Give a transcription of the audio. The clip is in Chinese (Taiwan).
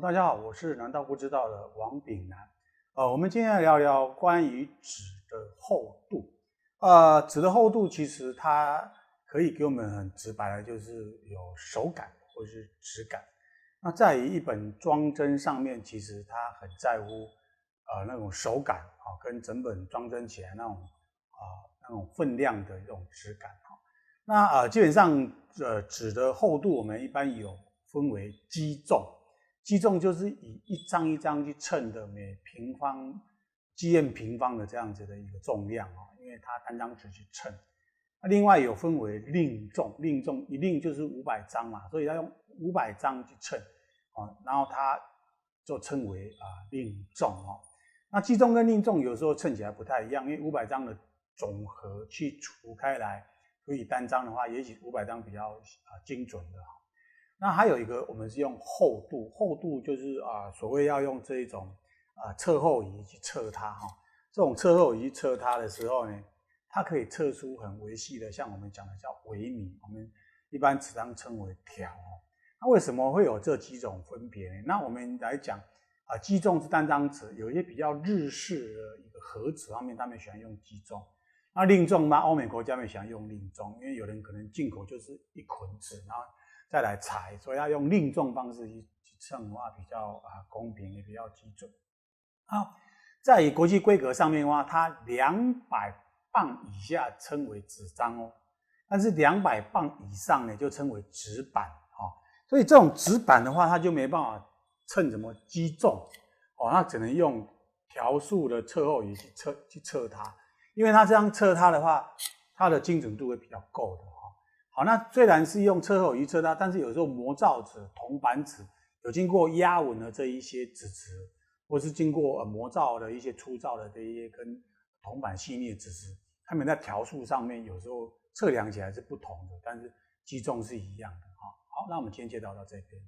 大家好，我是難道不知道的王炳南，呃，我們今天來聊聊關於紙的厚度。呃，紙的厚度其實它可以給我們很直白的，就是有手感或是質感。那在於一本裝幀上面，其實它很在乎，呃，那種手感啊、哦，跟整本裝幀起來那種啊、呃、那種分量的一種質感。那呃，基本上呃紙的厚度我們一般有分為基重。計重就是以一張一張去稱的，每平方、G M 平方的這樣子的一個重量啊、哦，因為它單張紙去稱。那另外有分為令重，令重一令就是五百張嘛，所以要用五百張去稱啊，然後它就稱為啊令重啊。那計重跟令重有時候稱起來不太一樣，因為五百張的總和去除開來除以單張的話，也許五百張比較啊精準的。那還有一個，我們是用厚度，厚度就是啊、呃，所謂要用這一種啊測厚儀去測它哈。這種測厚儀測它的時候呢，它可以測出很微細的，像我們講的叫微米，我們一般詞當稱為條。那為什麼會有這幾種分別呢？那我們來講啊，基、呃、重是單張紙，有一些比較日式的一個盒子方面，他們喜歡用基重。那令重呢，歐美國家們喜歡用令重，因為有人可能進口就是一捆紙，然後。再來裁，所以要用另一種方式去去稱的話，比較啊公平也比較基準。好，在國際規格上面的話，它兩百磅以下稱為紙張哦，但是兩百磅以上呢就稱為紙板啊。所以這種紙板的話，它就沒辦法稱什麼基重哦，那只能用條數的測厚儀去測去測它，因為它這樣測它的話，它的精準度會比較夠的。好，那雖然是用測厚儀測它，但是有時候模造紙、銅板紙有經過壓紋的這一些紙張，或是經過呃模造的一些粗糙的這一些跟銅板細膩的紙張，它們在條數上面有時候測量起來是不同的，但是基重是一樣的。好，好，那我們今天介紹到這邊。